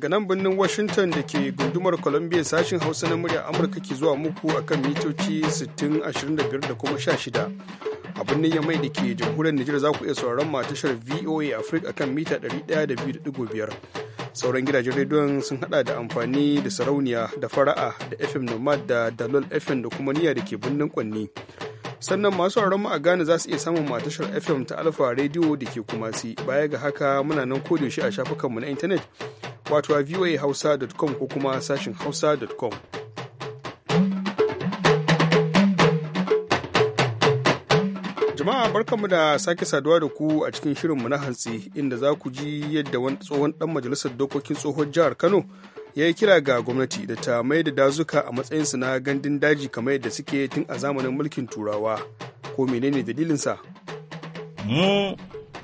daga nan birnin Washington da ke gundumar Columbia sashin Hausa na murya Amurka ke zuwa muku akan mitoci 60, da kuma 16. A birnin Yamai da ke jamhuriyar Nijar za ku iya sauraron matashar VOA Africa akan mita 102.5. Sauran gidajen rediyon sun hada da amfani da sarauniya da fara'a da FM Nomad da Dalol FM da kuma niyya da ke birnin Kwanni. sannan masu mu a Ghana za su iya samun matashar FM ta Alfa rediyo da ke kumasi baya ga haka muna nan yaushe a shafukanmu na intanet wato a voahausa.com ko kuma sashin hausa.com. Jama'a barkanmu da sake saduwa da ku a cikin shirinmu na hantsi inda za ku ji yadda tsohon ɗan majalisar dokokin tsohon jihar Kano ya yi kira ga gwamnati da ta mai da dazuka a matsayinsu na gandun daji kamar yadda suke tun a zamanin mulkin turawa ko menene dalilinsa? Mu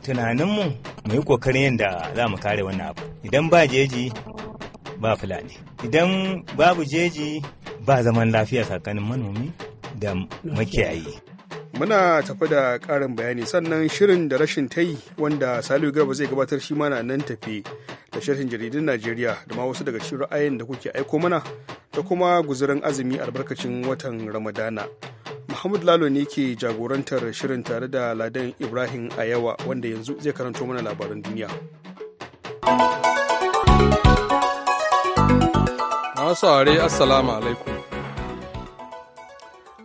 tunaninmu mu yi kokarin yadda za mu kare wannan abu idan ba jeji ba fulani idan babu jeji ba zaman lafiya tsakanin manomi da makiyayi muna tafi da ƙarin bayani sannan shirin da rashin tayi wanda salihu garba zai gabatar shi mana nan tafi da shirin jaridun najeriya da ma wasu daga cikin ra'ayin da kuke aiko mana ta kuma guzurin azumi albarkacin watan ramadana Muhammad Lalo ne ke jagorantar shirin tare da Ladan Ibrahim a yawa wanda yanzu zai karanto mana labaran duniya. Masu Assalamu alaikum.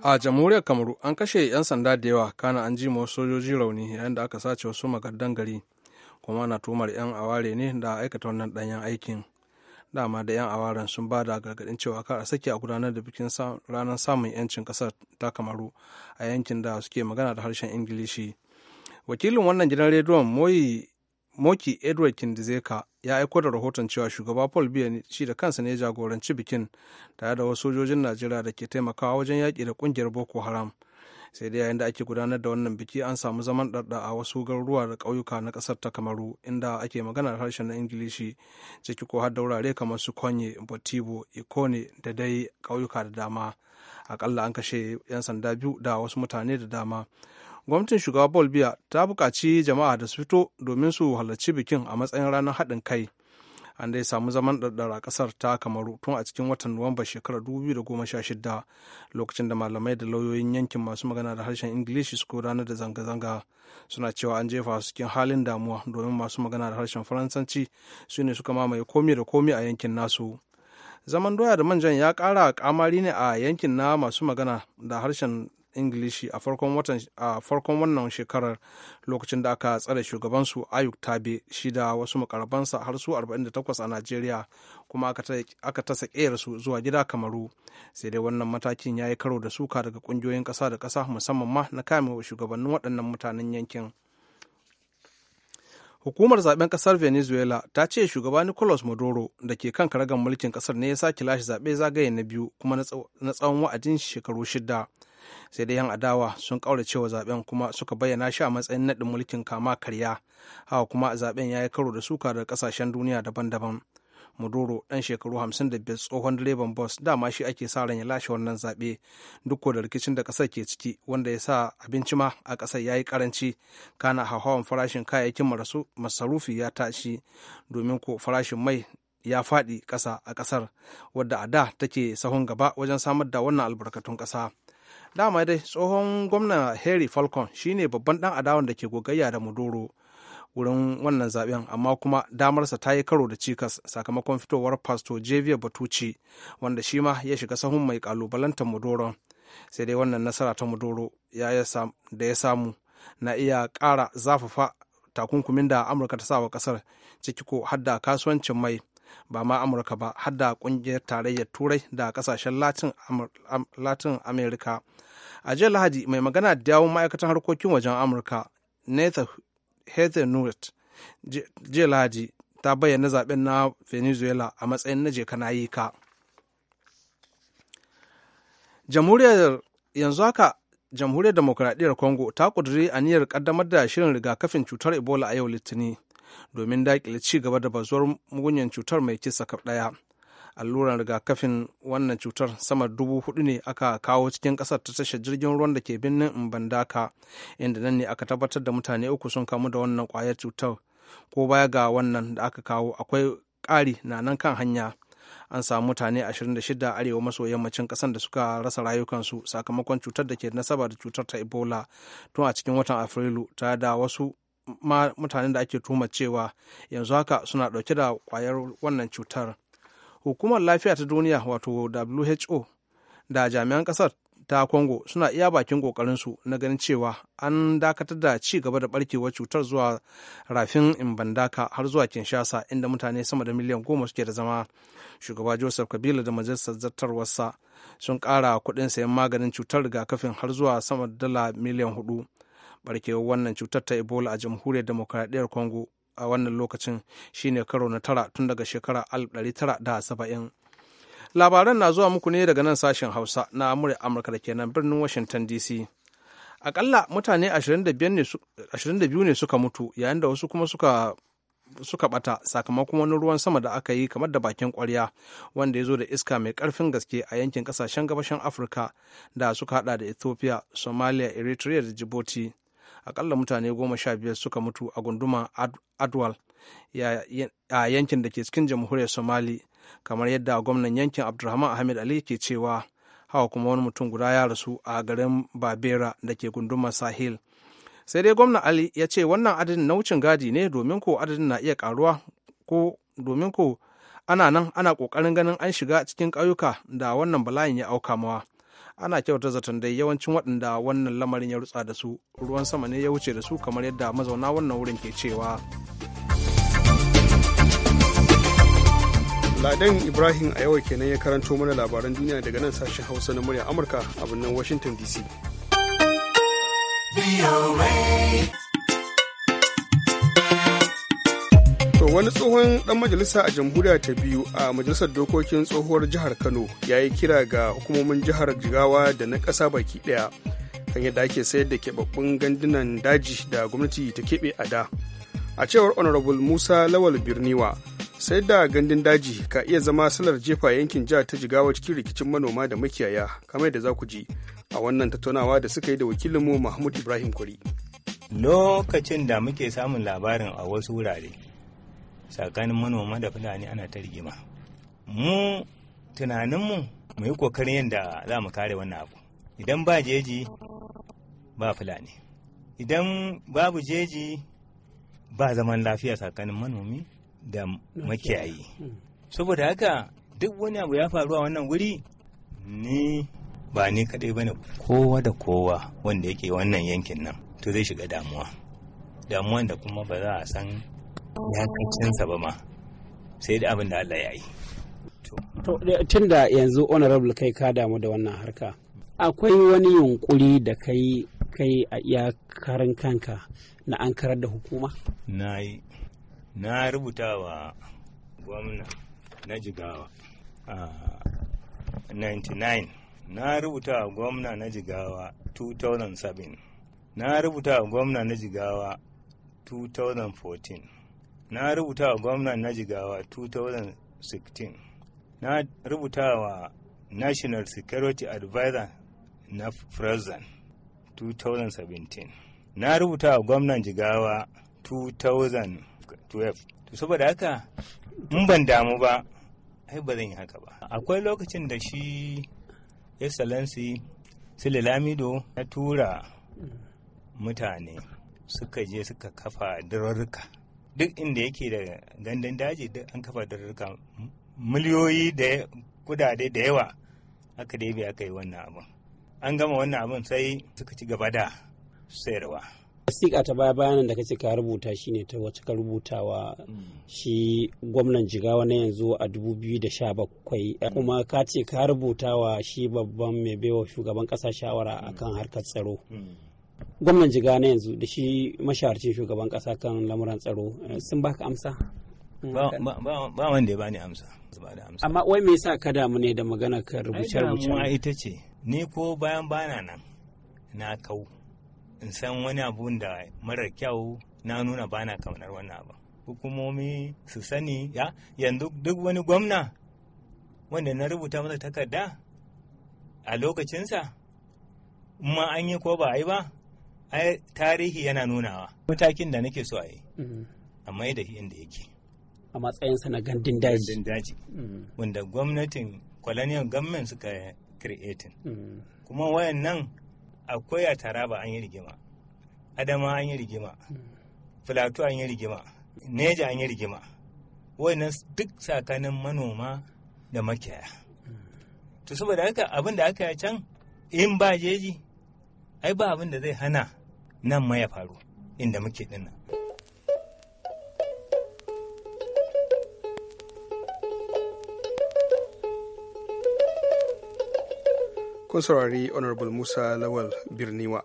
A jamhuriyar Kamaru an kashe 'yan sanda da yawa kana an ji wasu sojoji rauni yayin da aka sace wasu magardan gari kuma na tumar 'yan aware ne da aikata wannan ɗanyen aikin. dama da 'yan awaren sun ba da gargaɗin cewa kar a sake a gudanar da bikin ranar samun 'yancin ƙasar ta kamaru a yankin da suke magana da harshen ingilishi wakilin wannan gidan rediyon moki edward kindizeka ya aiko da rahoton cewa shugaba paul biya shi da kansa ne jagoranci bikin tare da wasu sojojin najeriya da ke taimakawa wajen yaƙi da ƙungiyar boko haram sai dai yayin da ake gudanar da wannan biki an samu zaman ɗarɗa a wasu garuruwa da ƙauyuka na ƙasar ta kamaru inda ake magana da harshen na ingilishi ciki ko har da wurare kamar su konye botibo ikone da dai ƙauyuka da dama akalla an kashe 'yan sanda biyu da wasu mutane da dama gwamnatin shugaba bolbiya ta buƙaci jama'a da su fito domin su halarci bikin a matsayin ranar haɗin kai an dai samu zaman ɗaɗɗara a ƙasar ta kamaru tun a cikin watan nuwamba shekarar 2016 lokacin da malamai da lauyoyin yankin masu magana da harshen ingilishi suka gudanar da zanga-zanga suna cewa an jefa su cikin halin damuwa domin masu magana da harshen faransanci su ne suka mamaye komi da komi a yankin nasu zaman doya da manjan ya kara kamari ne a yankin na masu magana da harshen ingilishi a farkon wannan shekarar lokacin da aka tsare shugabansu ayuk tabe shi da wasu makarabansa har su 48 a najeriya kuma aka tasa su zuwa gida kamaru sai dai wannan matakin ya yi karo da suka daga kungiyoyin kasa da kasa musamman ma na kamewa shugabannin waɗannan mutanen yankin. hukumar zaben kasar venezuela ta ce shugaba nicolas maduro da ke kan karagar mulkin kasar ne ya sa lashe zaɓe zagaye na biyu kuma na tsawon wa'adin shekaru shida sai dai yan adawa sun cewa zaben kuma suka bayyana shi a matsayin naɗin mulkin kama karya haka kuma zaben ya yi karo da suka daga kasashen duniya daban-daban Maduro ɗan shekaru 55 tsohon direban bus dama shi ake sa ran ya lashe wannan zaɓe duk da rikicin da ƙasar ke ciki wanda ya sa abinci ma a ƙasar ya yi ƙaranci kana hauhawan farashin kayayyakin masarufi ya tashi domin ko farashin mai ya faɗi ƙasa a ƙasar wadda a da take sahun gaba wajen samar da wannan albarkatun ƙasa dama dai tsohon gwamna harry falcon shine babban dan adawan da ke gogayya da mudoro wurin wannan zaben amma kuma damarsa ta yi karo da cikas sakamakon fitowar pastor javier batuci wanda shi ma ya shiga sahun mai kalubalantar mudoron sai dai wannan nasara ta mudoro da ya samu na iya kara zafafa takunkumin da amurka ta sa wa kasar ciki ko hadda kasuwancin mai ba ma amurka ba har da kungiyar tarayyar turai da kasashen latin america a jiya lahadi mai magana da yawon ma'aikatan harkokin wajen amurka nathan heather newt jiya lahadi ta bayyana zaɓen na venezuela a matsayin na je na jamhuriyar yanzu haka jamhuriyar demokuraɗiyyar congo ta ƙudiri aniyar ƙaddamar da shirin rigakafin cutar ebola a yau litini. domin daƙile ci gaba da bazuwar mugunyan cutar mai kisa kaf ɗaya alluran rigakafin wannan cutar sama dubu hudu ne aka kawo cikin kasar ta tashar jirgin ruwan da ke birnin mbandaka inda nan ne aka tabbatar da mutane uku sun kamu da wannan kwayar cutar ko baya ga wannan da aka kawo akwai ƙari na nan kan hanya an samu mutane 26 arewa maso yammacin ƙasar da suka rasa rayukansu sakamakon cutar da ke nasaba da cutar ta ebola tun a cikin watan afrilu ta da wasu mutanen da ake tuma cewa yanzu haka suna ɗauke da kwayar wannan cutar hukumar lafiya ta duniya wato who da jami'an ƙasar ta congo suna iya bakin ƙoƙarinsu na ganin cewa an dakatar da ci gaba da ɓarkewar cutar zuwa rafin imbandaka har zuwa kinshasa inda mutane sama da miliyan goma suke da zama shugaba joseph kabila da majalisar zartarwarsa sun kara kuɗin sayan maganin cutar rigakafin har zuwa sama da dala miliyan hudu barkewar wannan cutar ta ebola a jamhuriyar demokradiyyar congo a wannan lokacin shine karo na tara tun daga shekara 1970 labaran na zuwa muku ne daga nan sashen hausa na amurka da kenan birnin washington dc akalla mutane 22 ne suka mutu yayin da wasu kuma suka suka bata sakamakon wani ruwan sama da aka yi kamar da bakin kwarya wanda ya zo da iska mai karfin gaske a yankin kasashen gabashin afirka da suka hada da ethiopia somalia eritrea da djibouti akalla mutane goma sha biyar suka mutu a gunduma adwal a yankin da ke cikin jamhuriyar somali kamar yadda gwamnan yankin abdulrahman ahmed ali ke cewa hawa kuma wani mutum guda ya rasu a garin babera da ke gundumar sahil. sai dai gwamnan ali ya ce wannan adadin na wucin gadi ne domin ko adadin na iya karuwa ko domin ko ana nan ana kokarin ganin an shiga cikin ƙauyuka da wannan bala'in ya auka mawa ana kyauta zaton dai yawancin waɗanda wannan lamarin ya rutsa da su ruwan sama ne ya wuce da su kamar yadda mazauna wannan wurin ke cewa ladan ibrahim a yau kenan ya karanto mana labaran duniya daga nan sashen hausa na murya amurka a birnin washington dc wani tsohon dan majalisa a jamhuriya ta biyu a majalisar dokokin tsohuwar jihar kano ya yi kira ga hukumomin jihar jigawa da na ƙasa baki ɗaya kan yadda ake sayar da keɓaɓɓun gandunan daji da gwamnati ta keɓe a da a cewar honorable musa lawal birniwa sai da gandun daji ka iya zama salar jefa yankin jihar ta jigawa cikin rikicin manoma da makiyaya kamar yadda za ku ji a wannan tattaunawa da suka yi da wakilinmu mahmud ibrahim kwari lokacin da muke samun labarin a wasu wurare tsakanin manoma da fulani ana ta rigima mu tunaninmu mu yi kokarin yadda za mu kare wannan abu idan ba jeji ba fulani idan babu jeji ba zaman lafiya tsakanin manomi da makiyayi saboda haka duk wani abu ya faru a wannan wuri ni ba ni kadai bane kowa da kowa wanda yake wannan yankin nan to zai shiga damuwa damuwan da kuma ba za a san ya kacinsa ba ma sai da abin da Allah ya yi. To, tun da yanzu honorable kai ka damu da wannan harka, akwai wani yunkuri da kai kai a iyakarin kanka na an karar da hukuma? Na yi, na rubuta wa gwamna na jigawa a 99, na rubuta wa gwamna na jigawa 2007, na rubuta wa gwamna na jigawa 2014. na rubuta wa gwamnan na jigawa 2016 na rubuta wa national security advisor na frozen 2017 na rubuta wa gwamnan jigawa 2012 to saboda haka in ban damu ba ai ba zan yi haka ba akwai lokacin da shi excellency sule lamido na tura mutane suka je suka kafa dararruka duk inda yake da gandun daji duk an kafa darurruka miliyoyi da kudade da yawa aka daidai aka yi wannan abin an gama wannan abin sai suka ci gaba da sayarwa wasiƙa ta baya bayanan da kace ka rubuta shi ne ta wacce ka rubutawa shi gwamnan jigawa na yanzu a 2017 kuma ka ce ka rubutawa shi babban mai baiwa shugaban kasa shawara akan harkar tsaro gwamnan jiga na yanzu da shi mashaharcin shugaban kasa kan lamuran tsaro eh, sun ka amsa ba wanda ya bani amsa amma wai me yasa ka damu ne da magana ka rubuce rubuce ma ita ce ni ko bayan bana nan na kau in san wani abu da marar kyau na nuna bana kamar wannan abu hukumomi su sani ya yanzu duk wani gwamna wanda na rubuta masa takarda a lokacinsa ma an yi ko ba a yi ba ai tarihi yana nunawa matakin da nake so a yi amma mm-hmm. da inda yake a matsayinsa na gandun daji gandun daji mm-hmm. wanda gwamnatin colonial government suka creating mm-hmm. kuma wayannan akwai a taraba an yi rigima adama an yi rigima filato an yi rigima neja an yi rigima wayannan duk tsakanin manoma da makiyaya to saboda haka abin da aka yi can in ba jeji ai ba abin da zai hana nan ma ya faru inda muke dinnan. kun saurari honorable musa lawal birniwa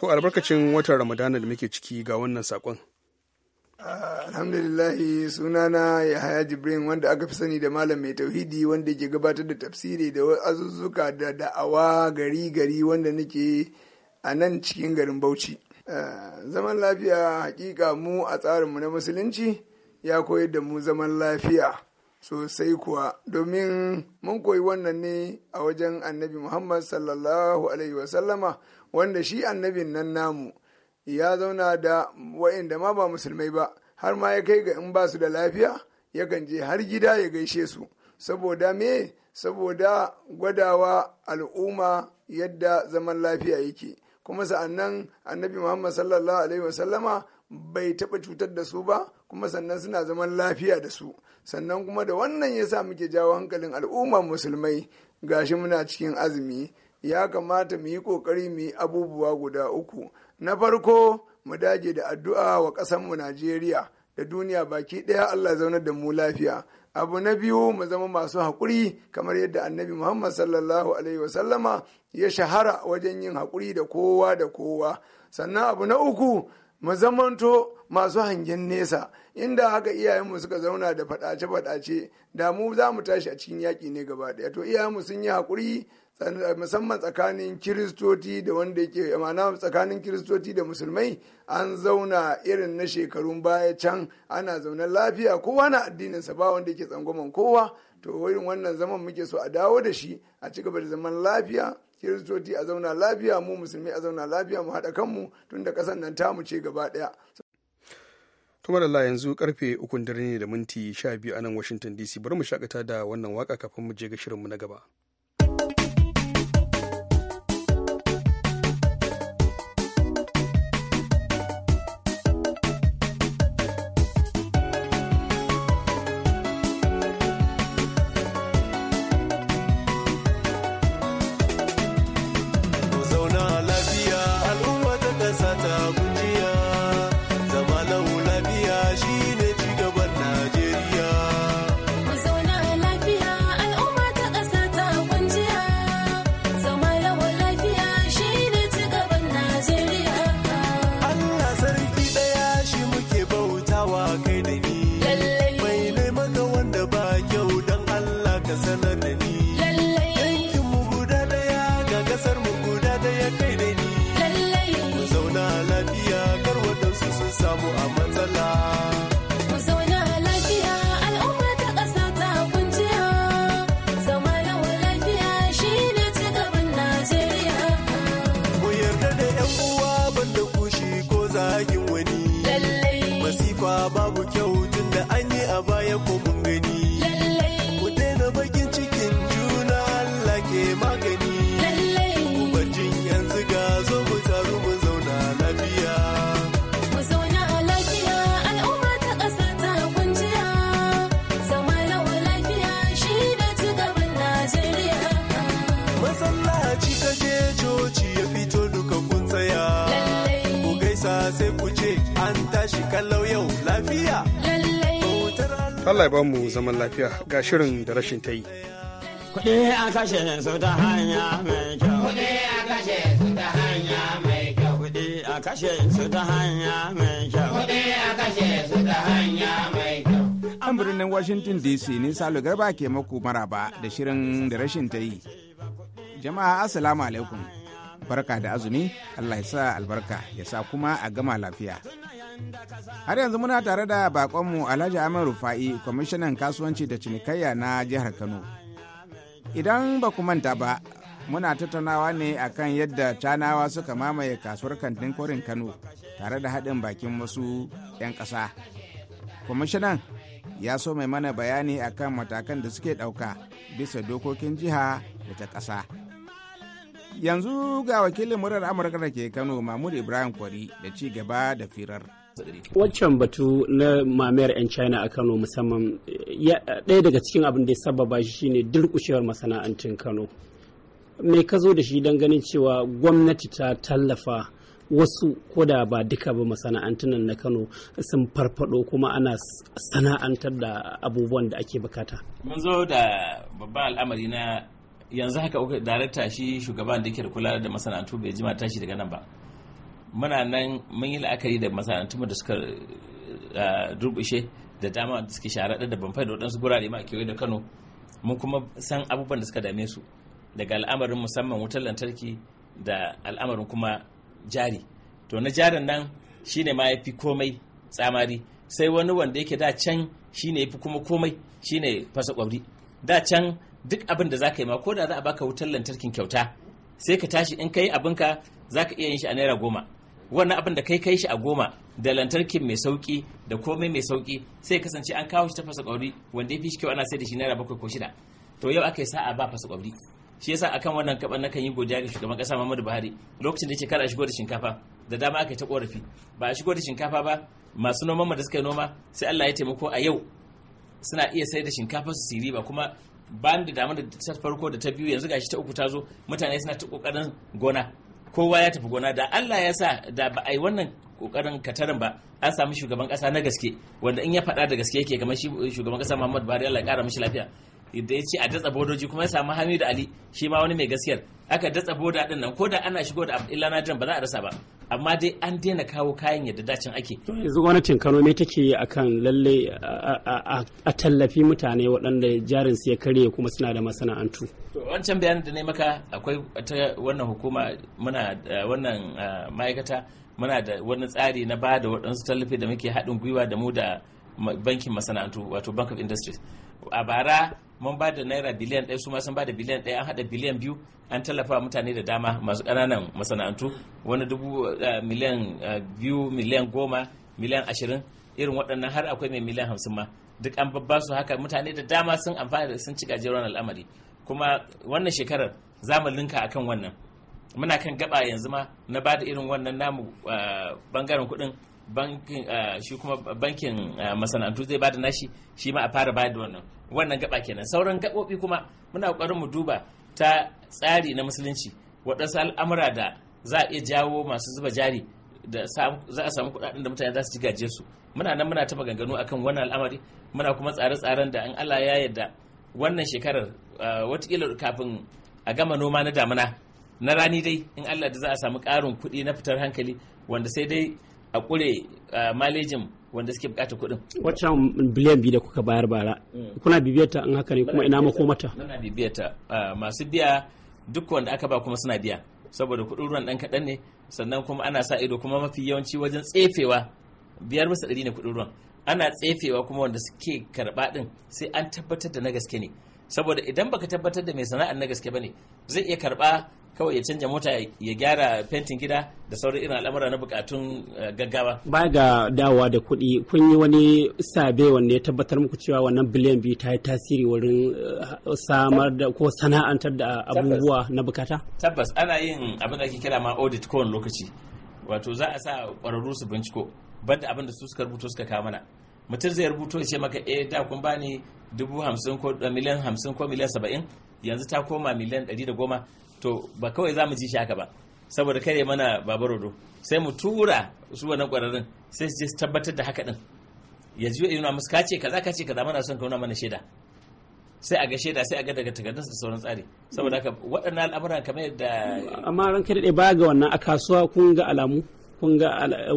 to albarkacin watan ramadana da muke ciki ga wannan sakon ah, alhamdulillahi sunana yahaya jibrin wanda aka fi sani da malam mai tauhidi wanda ke gabatar da tafsiri da azuzzuka da da'awa gari gari wanda nake a nan cikin garin Bauchi. Eh, zaman lafiya hakika mu a tsarinmu na musulunci ya koyar da mu zaman lafiya sosai kuwa domin mun koyi wannan ne a wajen annabi Muhammad sallallahu Alaihi wasallama wanda shi annabin nan namu ya zauna da wa'inda ma ba musulmai ba har ma ya kai ga in ba su da lafiya yakan je har gida ya gaishe su saboda me saboda gwadawa al'umma yadda zaman lafiya yake kuma sa'annan annabi muhammad sallallahu alaihi wasallama bai taɓa cutar da su ba kuma sannan suna zaman lafiya da su sannan kuma da wannan ya sa muke jawo hankalin al'ummar musulmai gashi muna cikin azumi ya kamata mu yi ƙoƙari mu yi abubuwa guda uku na farko mu dage da addu'a wa ƙasanmu najeriya da duniya baki ɗaya allah zaunar da mu lafiya abu na biyu mu zama masu haƙuri kamar yadda annabi muhammad sallallahu alaihi wasallama ya shahara wajen yin haƙuri da kowa da kowa sannan abu na uku mu zamanto masu hangen nesa inda haka iyayenmu suka zauna da faɗace-faɗace da mu za mu tashi a cikin yaƙi ne gaba ɗaya to iyayenmu sun yi haƙuri Eh, musamman tsakanin kiristoci da wanda yake eh, ma'ana tsakanin kiristoci da musulmai an zauna irin na shekarun baya can ana zaune lafiya kowa na addininsa ba wanda yake tsangwaman kowa to wurin wannan zaman muke so a dawo da shi a ci gaba da zaman lafiya kiristoci a zauna lafiya mu musulmi a zauna lafiya mu haɗa kanmu tun da ƙasar nan tamu ce gaba ɗaya. tuma da yanzu karfe ukun dare ne da minti sha biyu a nan washington dc bari mu shakata da wannan waka kafin mu je ga shirinmu na gaba. kalau yau lafiya. Allah ba mu zaman lafiya ga shirin da rashin ta yi. Kuɗi a kashe su ta hanya mai kyau. Kuɗi a kashe su ta hanya mai kyau. Kuɗi a kashe su ta hanya mai kyau. Kuɗi a kashe su ta hanya mai kyau. An birnin Washington DC ne Salo Garba ke maku maraba da shirin da rashin ta yi. Jama'a Assalamu alaikum. barka da azumi allah ya sa albarka ya sa kuma a gama lafiya har yanzu muna tare da bakonmu alhaji ahmad rufa'i kwamishinan kasuwanci da cinikayya na jihar kano idan ba ku manta ba muna tattaunawa ne akan yadda canawa suka mamaye kasuwar kantin korin kano tare da haɗin bakin wasu 'yan ƙasa kwamishinan ya so mai mana bayani akan matakan da suke ɗauka bisa dokokin jiha da ta ƙasa Yanzu ga wakilin murar Amurka da ke Kano Mahmud Ibrahim Kwari da ci gaba da firar. waccan batu na mamayar 'yan china a kano musamman ɗaya daga cikin abin da ya sababa shi shine durkushewar masana'antun kano mai ka zo da shi don ganin cewa gwamnati ta tallafa wasu ko da ba duka ba masana'antunan na kano sun farfado kuma ana sana'antar da abubuwan da ake bukata mun zo da babban al'amari na yanzu haka darakta shi shugaban da ke kula da masana'antu bai jima tashi daga nan ba muna nan mun yi la'akari da masana'antu da suka durbushe eh, da dama da suke sharaɗa da banfai da waɗansu gurare ma kewaye da kano mun kuma san abubuwan da suka dame su daga al'amarin musamman wutar lantarki da al'amarin kuma jari to na jarin nan shine ma ya fi komai tsamari sai wani wanda yake da can shine ya fi kuma komai shine fasa kwabri da can duk abin da za ka yi ma ko da za a baka wutar lantarkin kyauta sai ka tashi in ka yi ka za ka iya yin shi a naira goma wannan abin da kai kai shi a goma da lantarkin mai sauki da komai mai sauki sai kasance an kawo shi ta fasa kwauri wanda ya fi shi kyau ana sai da shi naira bakwai ko shida to yau aka yi sa'a ba fasa kwauri shi yasa akan wannan kaban na kan yi godiya ga shugaban kasa Muhammadu Buhari lokacin da yake a shigo da shinkafa da dama aka yi ta korafi ba a shigo da shinkafa ba masu noman da suka yi noma sai Allah ya taimako a yau suna iya sai da shinkafa su siri ba kuma Bani da damar da ta farko da ta biyu yanzu gashi ta uku ta zo mutane suna ta kokarin gona kowa ya tafi gona da Allah ya sa da ba a yi wannan kokarin katarin ba an samu shugaban kasa na gaske wanda in ya faɗa da gaske yake kamar shi shugaban kasa Muhammadu Buhari Allah ya kara mishi lafiya da ya ce a datsa bodoji kuma ya samu hamidu ali shi ma wani mai gaskiyar aka datsa boda din nan ko da ana shigo da abdullahi najan ba za a rasa ba amma dai an daina kawo kayan yadda dacin ake. yanzu gwamnatin kano me take yi akan lalle a tallafi mutane waɗanda jarin su ya karye kuma suna da masana'antu. wancan bayanin da ne maka akwai ta wannan hukuma muna wannan ma'aikata muna da wani tsari na ba da waɗansu tallafi da muke haɗin gwiwa da mu da bankin masana'antu wato bank of industries a bara mun ba da naira biliyan ɗaya su ma sun ba da biliyan ɗaya an haɗa biliyan biyu an tallafa mutane da dama masu ƙananan masana'antu wani dubu eh, miliyan eh, biyu miliyan goma miliyan ashirin irin waɗannan har akwai mai miliyan hamsin ma duk an babba su haka mutane da dama sun amfana da sun ci gajeren al'amari kuma wannan shekarar za mu linka akan wannan muna kan gaba yanzu ma na ba da irin wannan namu bangaren eh, kuɗin bankin eh, shi kuma bankin eh, masana'antu zai bada nashi shi ma a fara bada wannan wannan gaba kenan sauran gabobi kuma muna ƙoƙarin mu duba ta tsari na musulunci waɗansu al'amura da za a iya jawo masu zuba jari da za a samu kuɗaɗen da mutane za su ji gaje su muna nan muna ta maganganu akan wannan al'amari muna kuma tsare-tsaren da in Allah ya yarda wannan shekarar eh, watakila kafin a gama noma na damina na rani dai in Allah da za a samu ƙarin kuɗi na fitar hankali wanda sai dai a kure malejin wanda suke bukata kuɗin. Waccan biliyan biyu da kuka bayar bara. Hmm. Kuna bibiyar ta haka ne kuma ina mako mata. Muna bibiyar masu biya duk wanda aka ba kuma suna biya saboda kuɗin ruwan dan kaɗan ne sannan kuma ana sa ido kuma mafi yawanci wajen tsefewa biyar masa ɗari ne kuɗin ruwan ana tsefewa kuma wanda suke karba ɗin sai an tabbatar da na gaske ne saboda idan baka tabbatar da mai sana'ar na gaske ne zai iya karɓa kawai ya canja mota ya gyara fentin gida da sauran irin al'amura na bukatun eh, gaggawa Ba ga dawowa da kuɗi kun yi wani sabe wanda ya tabbatar muku cewa wannan biliyan biyu ta yi tasiri wurin eh, samar da ko sana'antar da abubuwa na bukata tabbas ana yin abin da ake kira ma audit kowane lokaci wato za a sa ƙwararru su binciko banda abin da su suka rubuto suka kawo mana mutum zai rubuto ya ce maka eh da kun bani dubu hamsin ko eh, miliyan hamsin ko miliyan saba'in yanzu ta koma miliyan ɗari da goma to ba kawai za mu ji shi haka ba saboda kare mana babar rodo sai mu tura su wannan kwararrun sai su je su tabbatar da haka din ya ji yana musu ka ce kaza ka ce kaza mana son ka nuna mana shaida sai a ga shaida sai a ga daga takardun da sauran tsari saboda haka waɗannan al'amuran kamar yadda amma ran kai ba ga wannan a kasuwa kun ga alamu kun ga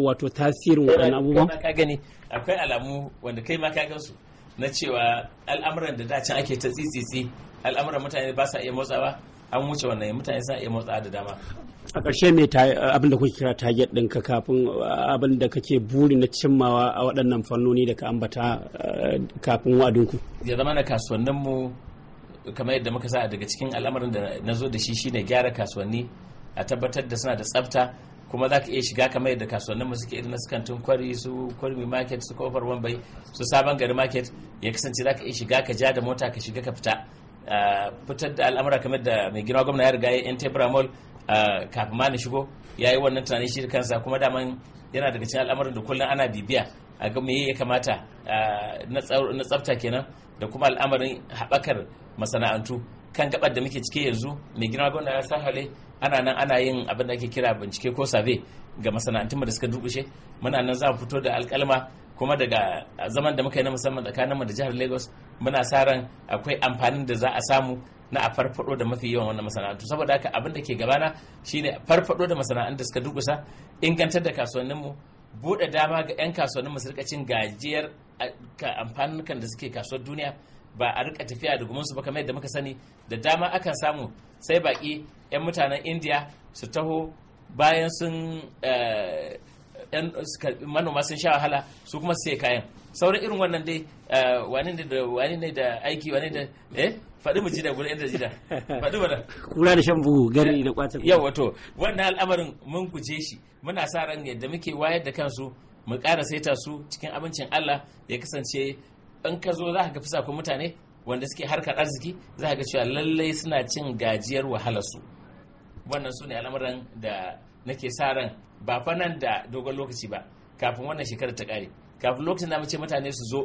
wato tasirin waɗannan abubuwan ka gani akwai alamu wanda kai ma ka gan su na cewa al'amuran da da can ake ta tsitsitsi al'amuran mutane ba sa iya motsawa an wuce wannan mutane suna iya motsa da dama a ƙarshe me abin da kuke kira target ka kafin abin da kake buri na cimmawa a waɗannan fannoni da ka ambata eh, kafin wa'adinku ya zama na kasuwanninmu kamar yadda muka sa daga cikin al'amarin da na zo da shi shine gyara kasuwanni a tabbatar da suna da tsafta kuma za ka iya shiga kamar yadda kasuwanninmu suke irin na sukantun kwari su kwarmi market su kofar wambai su sabon gari market ya kasance za ka iya shiga ka ja da mota ka shiga ka fita Eh, fitar da al'amura kamar da mai girma gwamna ya riga ya yan tebramol eh, kafin ma na shigo ya yi wannan tunanin shi kansa kuma daman yana daga cikin al'amuran da kullum ana bibiya a ga me ya kamata eh, na tsafta kenan da kuma al'amarin haɓakar masana'antu kan gabar da muke cike yanzu mai girma gwamna ya sahale ana nan ana yin abin da ake kira bincike ko sabe ga masana'antun da suka dubushe muna nan za mu fito da alkalma kuma daga zaman da muka yi na musamman tsakaninmu da jihar lagos muna sa ran akwai amfanin da za a samu na a farfado da mafi yawan wannan masana'antu saboda haka abin da ke gabana shine farfado da masana'antu da suka dubusa ingantar da mu buɗe dama ga 'yan mu su rika cin gajiyar amfanin kan da suke kasuwar duniya ba a rika tafiya da gumansu ba kamar yadda muka sani da dama akan samu sai baki 'yan mutanen india su taho bayan sun eh, yan manoma sun sha wahala su kuma sai kayan sauran irin wannan dai eh, wani ne da wani ne da aiki wani da eh faɗi mu ji da gurin da ji da faɗi kura da shan buhu gari da kwata yau wato wannan al'amarin mun guje shi muna sa ran yadda muke wayar da kansu mu ƙara saita su cikin abincin Allah ya kasance in ka zo za ka fi ko mutane wanda suke harkar arziki za ga cewa lallai suna cin gajiyar wahalarsu wannan su ne al'amuran da nake sa ran ba fa nan da dogon lokaci ba kafin wannan shekarar ta kare kafin lokacin da ce mutane su zo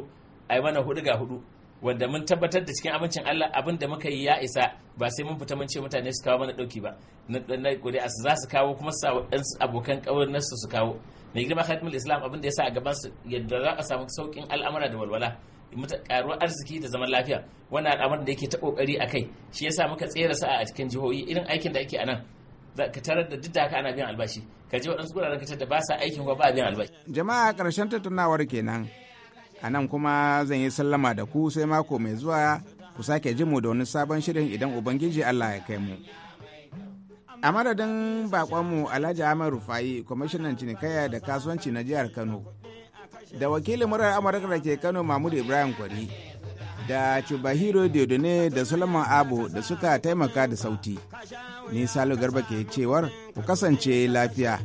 a mana hudu ga hudu wanda mun tabbatar da cikin abincin Allah abin da muka yi ya isa ba sai mun fita mun ce mutane su kawo mana dauki ba na gode su za su kawo kuma sa waɗansu abokan ƙaurin su su kawo ne girma khatimul islam abin da ya sa a gaban su yadda za a samu saukin al'amura da walwala karuwar arziki da zaman lafiya wannan al'amarin da yake ta kokari akai shi yasa muka tsere sa a cikin jihohi irin aikin da ake a nan ka tarar da duk ana biyan albashi ka je waɗansu guraren ka da ba sa aikin ba biyan albashi. jama'a ƙarshen tattaunawar kenan a nan kuma zan yi sallama da ku sai mako mai zuwa ku sake ji mu da wani sabon shirin idan ubangiji allah ya kai mu a madadin bakonmu alhaji ahmad rufai kwamishinan cinikayya da kasuwanci na jihar kano da wakilin murar amurka da ke kano mahmud ibrahim kwari da Chubahiro Diodone da Solomon Abu da suka taimaka da sauti. Ni Salo Garba ke cewar ku kasance lafiya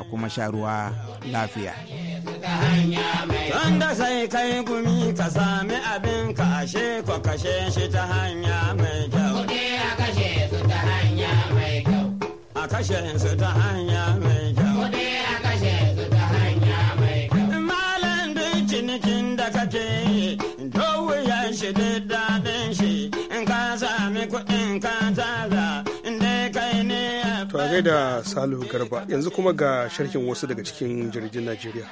a kuma sharuwa lafiya. Wanda sai kai gumi ka sami abin ka ashe ko kashe shi ta hanya mai kyau. Kuɗi a kashe su ta hanya mai kyau. A kashe su ta hanya mai kyau. Kuɗi a kashe su ta hanya mai kyau. Malam duk cinikin da kake yi shi duk daɗin shi in ka sami kuɗin ka tara dai kai ne ya To a gaida Salihu Garba yanzu kuma ga sharhin wasu daga cikin jirgin Najeriya.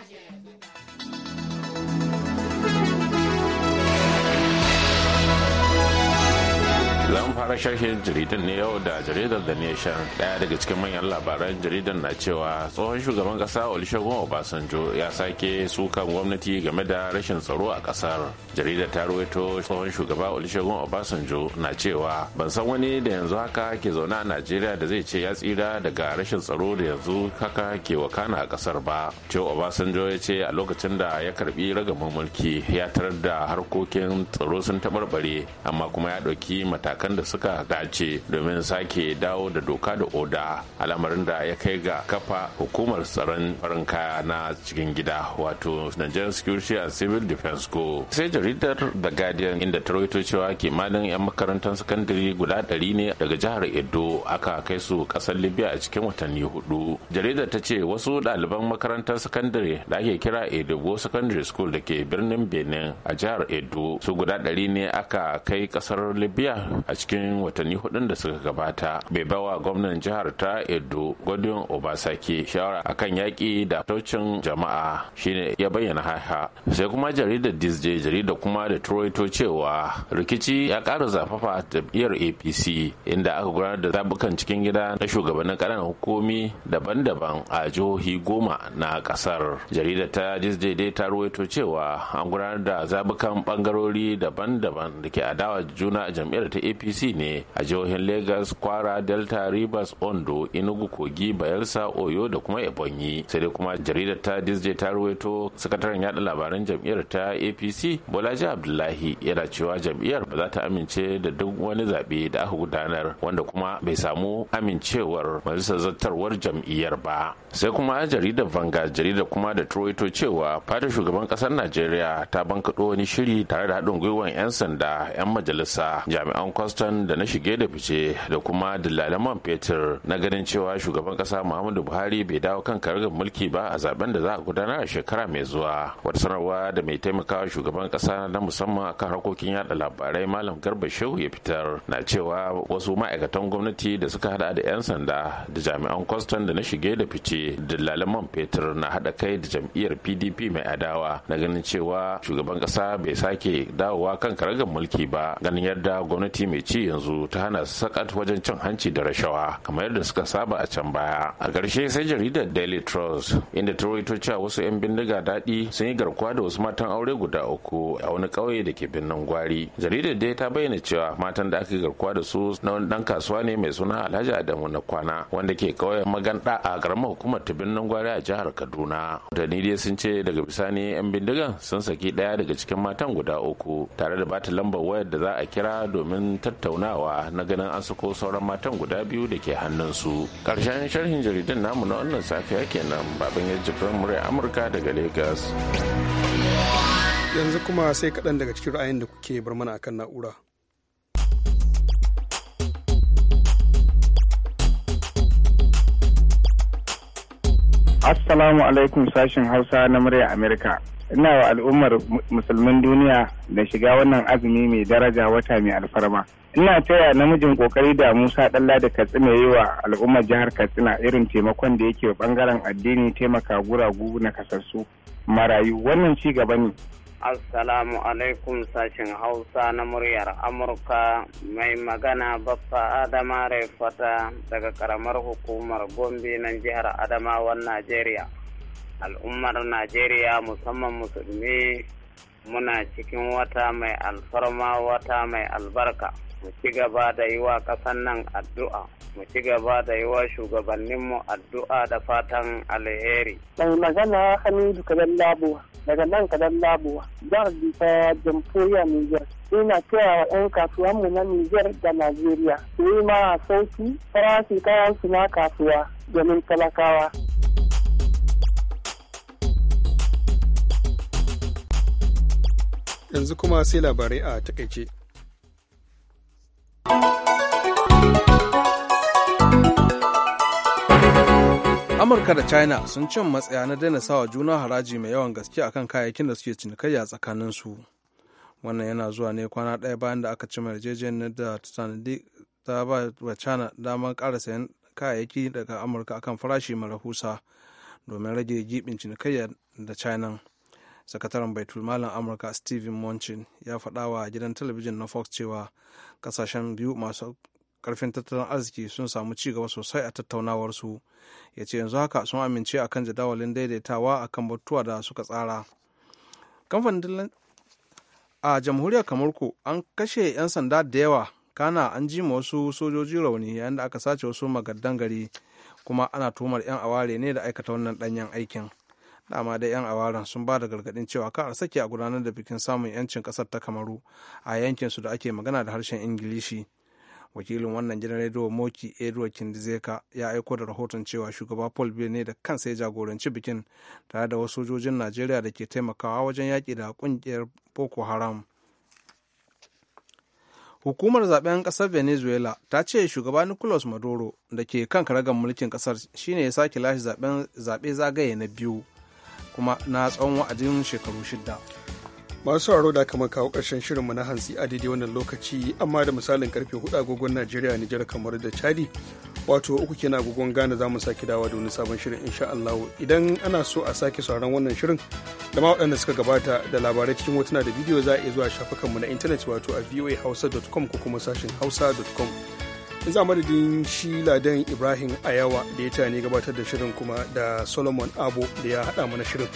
kuma sharhin ne yau da jaridar da nation daya daga cikin manyan labaran jaridar na cewa tsohon shugaban kasa olusegun obasanjo ya sake sukan gwamnati game da rashin tsaro a kasar jaridar ta ruwaito tsohon shugaba olusegun obasanjo na cewa ban san wani da yanzu haka ke zaune a najeriya da zai ce ya tsira daga rashin tsaro da yanzu haka ke wakana a kasar ba ce obasanjo ya ce a lokacin da ya karbi ragamin mulki ya tarar da harkokin tsaro sun taɓarɓare amma kuma ya ɗauki matakan da suka suka dace domin sake dawo da doka da oda al'amarin da ya kai ga kafa hukumar tsaron farin kaya na cikin gida wato Nigerian Security and Civil Defense Co. Sai jaridar The Guardian inda ta rawaito cewa kimanin 'yan makarantar sakandare guda ɗari ne daga jihar Edo aka kai su ƙasar Libya a cikin watanni hudu. Jaridar ta ce wasu ɗaliban makarantar sakandare da ake kira Edo Secondary School da ke birnin Benin a jihar Edo su guda ɗari ne aka kai kasar Libya a cikin cikin watanni hudun da suka gabata bai bawa gwamnan jihar ta edo gwadon obasake shawara akan yaƙi da taucin jama'a shine ya bayyana haiha sai kuma jaridar disney jarida kuma da troito cewa rikici ya ƙara zafafa a jam'iyyar apc inda aka gudanar da zabukan cikin gida na shugabannin ƙananan hukumi daban-daban a jihohi goma na ƙasar jaridar ta disney dai ta ruwaito cewa an gudanar da zabukan ɓangarori daban-daban da ke adawa juna a jam'iyyar ta apc ne a jihohin Legas, Kwara, Delta, Rivers, Ondo, inugu Kogi, Bayelsa, Oyo da kuma Ebonyi. Sai dai kuma jaridar ta Disney ta ruwaito sakataren yada labaran jam'iyyar ta APC Bolaji Abdullahi yana cewa jam'iyyar ba za ta amince da duk wani zaɓe da aka gudanar wanda kuma bai samu amincewar majalisar zartarwar jam'iyyar ba. Sai kuma jaridar Vanga jaridar kuma da ruwaito cewa fadar shugaban ƙasar Najeriya ta bankaɗo wani shiri tare da haɗin gwiwar 'yan sanda 'yan majalisa jami'an kwastan da na shige da fice da kuma dillalan man fetur na ganin cewa shugaban kasa muhammadu buhari bai dawo kan karagar mulki ba a zaben da za a gudanar a shekara mai zuwa wata sanarwa da mai taimakawa shugaban kasa na musamman akan harkokin yada labarai malam garba shehu ya fitar na cewa wasu ma'aikatan gwamnati da suka hada da 'yan sanda da jami'an kwastan da na shige da fice dillalan man fetur na hada kai da jam'iyyar pdp mai adawa na ganin cewa shugaban kasa bai sake dawowa kan karagar mulki ba ganin yadda gwamnati mai ci yanzu ta hana sakat wajen cin hanci da rashawa kamar yadda suka saba a can baya a ƙarshe sai jaridar daily trust inda ta rawaito cewa wasu 'yan bindiga daɗi sun yi garkuwa da wasu matan aure guda uku a wani ƙauye da ke birnin gwari jaridar dai ta bayyana cewa matan da aka yi garkuwa da su na wani ɗan kasuwa ne mai suna alhaji adamu na kwana wanda ke ƙauyen maganda a ƙaramar hukumar ta birnin gwari a jihar kaduna da ni dai sun ce daga bisani 'yan bindigan sun saki ɗaya daga cikin matan guda uku tare da bata lambar wayar da za a kira domin tattauna tattaunawa na ganin an sako sauran matan guda biyu da ke hannunsu karshen sharhin jaridan namu na wannan safiya kenan baban ya jibrin murya amurka daga lagos yanzu kuma sai kaɗan daga cikin ra'ayin da kuke bar mana akan na'ura Assalamu alaikum sashen Hausa na murya Amerika. Ina wa al'ummar musulmin duniya da shiga wannan azumi mai daraja wata mai alfarma. ina taya namijin kokari da musa dalla da katsina yi wa al'ummar jihar katsina irin taimakon da yake bangaren addini taimaka guragu na kasassu marayu wannan ci gaba ne assalamu alaikum sashen hausa na muryar amurka mai magana baffa adama fata daga karamar hukumar gombe na jihar adamawan najeriya al'ummar najeriya musamman musulmi muna cikin wata mai alfarma wata mai albarka mu ci gaba da yi wa ƙasan nan addu'a mu ci gaba da yi wa shugabanninmu addu'a da fatan alheri. mai magana hamidu kadan labuwa daga nan kadan labuwa jihar bisa Jamhuriyar nijar ina cewa wa 'yan kasuwanmu na nijar da najeriya su yi ma sauki farashi kayan su na kasuwa domin talakawa. yanzu kuma sai labarai a takaice. amurka da china sun cin matsaya na daina sawa juna haraji mai yawan gaske akan kayayyakin da suke cinikayya tsakanin su wannan yana zuwa ne kwana ɗaya bayan da aka cima yarjejeniyar da ta ba wa china damar ƙara sayan kayayyaki daga amurka akan farashi mara rahusa domin rage gibin cinikayya da china sakataren baitul malam amurka steven munchin ya faɗa wa gidan talabijin na fox cewa kasashen biyu masu karfin tattalin arziki sun samu ci gaba sosai a tattaunawarsu ya ce yanzu haka sun amince akan jadawalin daidaitawa a kan batuwa da suka tsara a jamhuriyar kamurku an kashe 'yan sanda da yawa kana an ji wasu sojoji rauni yayin da aka sace wasu magaddan gari kuma ana tumar 'yan aware ne da aikata wannan danyen aikin dama da 'yan awaren sun ba da gargadin cewa ka a sake a gudanar da bikin samun 'yancin kasar ta kamaru a yankinsu da ake magana da harshen ingilishi wakilin wannan gidan rediyo moki edward kindizeka ya aiko da rahoton cewa shugaba paul biya ne da kansa ya jagoranci bikin tare da wasu sojojin najeriya da ke taimakawa wajen yaƙi da ƙungiyar boko haram hukumar zaben ƙasar venezuela ta ce shugaba nicolas maduro da ke kan karagar mulkin ƙasar shine ya sake lashe zaɓe zagaye na biyu kuma na tsawon wa'adin shekaru shidda. masu sauraro da kama kawo ƙarshen shirinmu na hantsi a daidai wannan lokaci amma da misalin karfe hudu agogon najeriya nijar kamar da chadi wato uku na agogon ghana za mu sake dawa da wani sabon shirin insha allahu idan ana so a sake sauran wannan shirin da ma waɗanda suka gabata da labarai cikin hotuna da bidiyo za a iya zuwa shafukanmu na intanet wato a voahausa.com ko kuma sashin hausa.com za madadin shi ladan ibrahim ayawa da ya ta ne gabatar da shirin kuma da solomon abo da ya haɗa mana shirin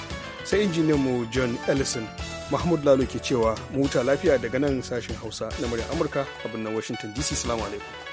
sai injiniyan mu john ellison mahmud lalo ke cewa mu lafiya daga nan sashen hausa na murya amurka abin nan washington dc salamu alaikum